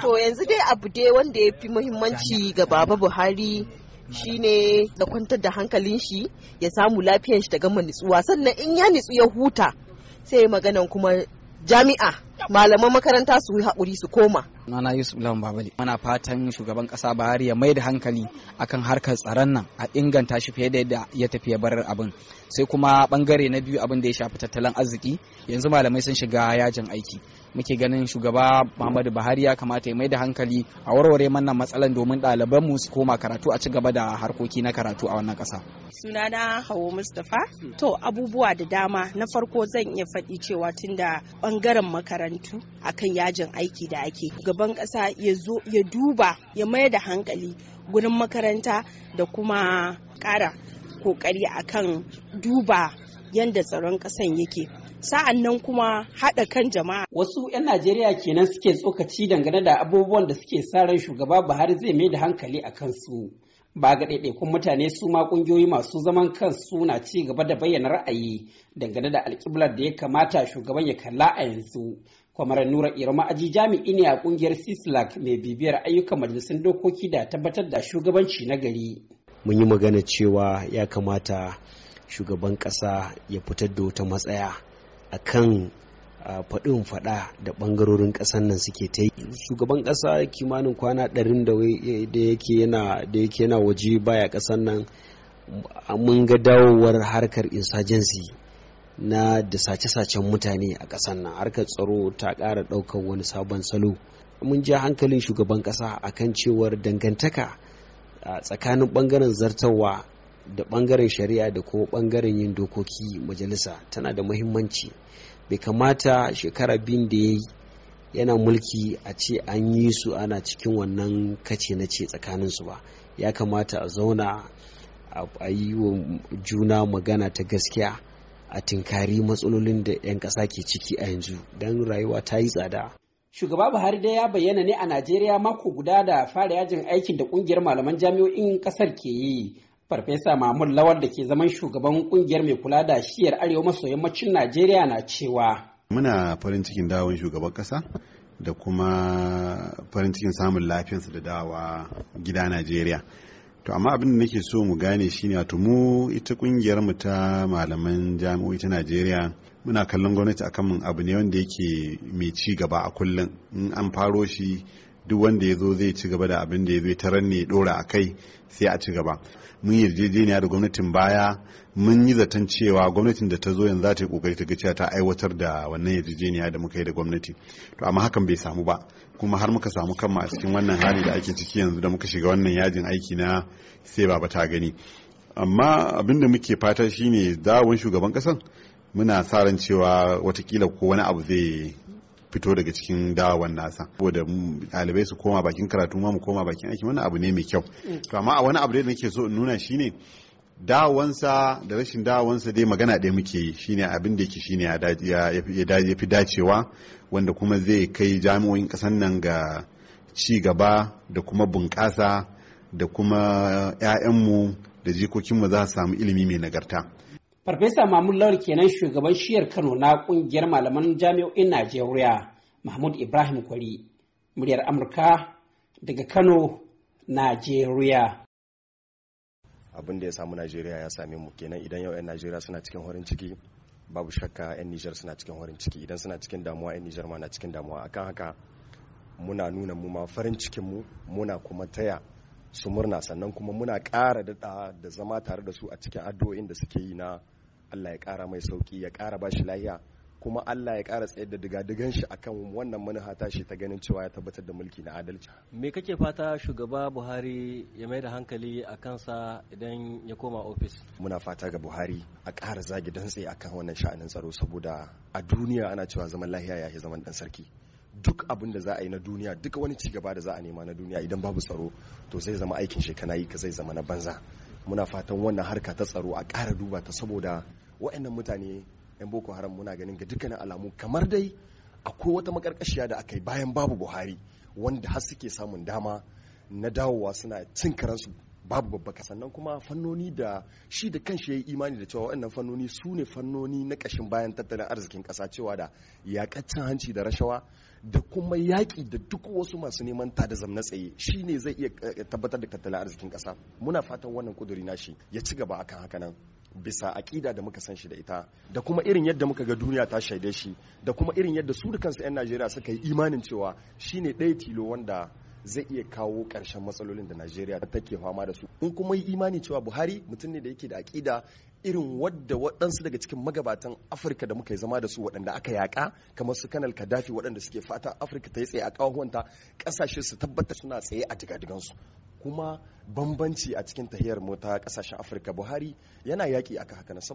To yanzu dai abu dai wanda ya fi muhimmanci ga Baba Buhari shine da kwantar da hankalin shi ya samu lafiyar shi da gama nitsuwa sannan in ya nitsu ya huta sai maganan kuma jami'a malaman makaranta su yi haƙuri su koma. Nana Yusuf Lawan Babale muna fatan shugaban ƙasa Buhari ya mai da hankali akan harkar tsaron nan a inganta shi fiye da yadda ya tafi ya barar abin. Sai kuma bangare na biyu abin da ya shafi tattalin arziki yanzu malamai sun shiga yajin aiki. Muke ganin shugaba Muhammadu Buhari ya kamata ya mai da hankali a warware mannan matsalan domin mu su koma karatu a ci gaba da harkoki na karatu a wannan ƙasa. Sunana Hawo Mustapha. To abubuwa da dama na farko zan iya faɗi cewa tun da ɓangaren makaranta makarantu akan yajin aiki da ake gaban ƙasa ya duba ya mayar da hankali gurin makaranta da kuma ƙara ƙoƙari akan duba yadda tsaron ƙasan yake sa'an nan kuma haɗa kan jama'a. Wasu 'yan Najeriya kenan suke tsokaci dangane da abubuwan da suke sa ran shugaba Buhari zai mai da hankali a kansu. Ba ga ɗaiɗaikun mutane su ma ƙungiyoyi masu zaman kansu na ci gaba da bayyana ra'ayi dangane da alƙiblar da ya kamata shugaban ya kalla a yanzu. kwamar nura irma aji jami'i ne a ƙungiyar sislak mai bibiyar ayyukan majalisun dokoki da tabbatar da shugabanci na gari mun yi magana cewa ya kamata shugaban ƙasa ya fitar da wata matsaya akan faɗin faɗa da ɓangarorin ƙasar nan suke ta yi shugaban ƙasa kimanin kwana ɗarin da eh, yake yana yana waje baya ƙasar nan mun ga dawowar harkar insurgency na da sace-sacen mutane a ƙasar nan harkar tsaro ta ƙara ɗaukar wani sabon salo mun ja hankalin shugaban ƙasa akan cewar dangantaka tsakanin ɓangaren zartawa da bangaren shari'a da kuma bangaren yin dokoki majalisa tana da muhimmanci bai kamata shekara bin da ya yana mulki a ce an yi su ana cikin wannan kace na ce tsakaninsu ba ya kamata a zauna a yi wa juna magana ta gaskiya a tinkari matsalolin da 'yan ƙasa ke ciki a yanzu don rayuwa ta yi tsada shugaba buhari dai ya bayyana ne a najeriya mako guda da fara yajin aikin da kungiyar malaman jami'o'in kasar ke yi Farfesa Mahmud Lawal da ke zaman shugaban kungiyar mai kula da shiyar arewa maso yammacin Najeriya na cewa. Muna farin cikin dawon shugaban kasa da kuma farin cikin samun lafiyansa da dawa gida Najeriya. To amma abin da nake so mu gane shi ne, wato mu ita kungiyar mu ta malaman jami'o'i ta Najeriya muna kallon gwamnati akan abu ne wanda yake mai ci gaba a kullum in an faro shi duk wanda ya zo zai ci gaba da abin da ya zo ta ranne ya dora a kai sai a ci gaba mun yi yarjejeniya da gwamnatin baya mun yi zaton cewa gwamnatin da ta zo yanzu za ta yi kokari ta ga ta aiwatar da wannan yarjejeniya da muka yi da gwamnati to amma hakan bai samu ba kuma har muka samu kanmu a cikin wannan hali da ake ciki yanzu da muka shiga wannan yajin aiki na sai baba ta gani amma abin da muke fata shine dawon shugaban kasan muna sa ran cewa watakila ko wani abu zai fito daga cikin dawan nasa saboda ɗalibai su koma bakin karatu ma mu koma bakin aiki wannan abu ne mai kyau mm. to amma a wani abu da nake so in nuna shine dawansa da rashin dawansa dai magana ɗaya muke yi shine abin da yake shine ya fi dacewa wanda kuma zai kai jami'o'in ƙasar nan ga ci gaba da kuma bunƙasa da kuma 'ya'yanmu da jikokinmu za su samu ilimi mai nagarta Farfesa Mahmud Lawal kenan shugaban shiyar Kano na kungiyar malaman jami'o'in Najeriya Mahmud Ibrahim Kwari, muryar Amurka daga Kano, Najeriya. Abin da ya samu Najeriya ya same mu kenan idan yau 'yan Najeriya suna cikin horin ciki babu shakka 'yan Nijar suna cikin horin ciki idan suna cikin damuwa 'yan Nijar ma na cikin damuwa akan haka muna nuna mu ma farin cikin mu muna kuma taya su murna sannan kuma muna ƙara daɗa da zama tare da su a cikin addu'o'in da suke yi na Allah ya ƙara mai sauki ya ƙara bashi lahiya kuma Allah ya ƙara tsayar da digadigan shi akan wannan manufa ta shi ta ganin cewa ya tabbatar da mulki na adalci. Me kake fata shugaba Buhari ya mai da hankali a kansa idan ya koma ofis? Muna fata ga Buhari a ƙara zagi tsaye akan wannan sha'anin tsaro saboda a duniya ana cewa zaman lahiya ya yi zaman ɗan sarki. duk abin da za a yi na duniya duk wani ci gaba da za a nema na duniya idan babu tsaro to zai zama aikin shekana yi ka zai zama na banza muna fatan wannan harka ta tsaro a ƙara duba ta saboda wa'annan mutane 'yan boko haram muna ganin ga dukkanin alamu kamar dai akwai wata makarkashiya da aka yi bayan babu buhari wanda har suke samun dama na dawowa suna cin karansu babu babbaka sannan kuma fannoni da shi da kanshi ya yi imani da cewa waɗannan fannoni su ne fannoni na ƙashin bayan tattalin arzikin kasa cewa da yaƙaccin hanci da rashawa da kuma yaƙi da duk wasu masu neman ta da zamna tsaye shi ne zai iya eh, tabbatar da tattalin arzikin kasa muna fatan wannan kuduri na shi ya ci gaba akan haka nan bisa aƙida da muka san shi da ita da kuma irin yadda muka ga duniya ta shaide shi da kuma irin yadda su da kansu 'yan najeriya suka yi imanin cewa shi ne ɗaya tilo wanda zai iya kawo ƙarshen matsalolin da Najeriya take fama da su. In kuma yi imani cewa Buhari mutum ne da yake da aƙida irin wadda waɗansu daga cikin magabatan Afirka da muka yi zama da su waɗanda aka yaƙa kamar su Kanal Kadafi waɗanda suke fata Afirka ta yi tsaye a ƙawahuwanta ƙasashe su tabbata suna tsaye a digadigansu. kuma bambanci a cikin tahiyar mota ƙasashen Afirka Buhari yana yaƙi aka haka na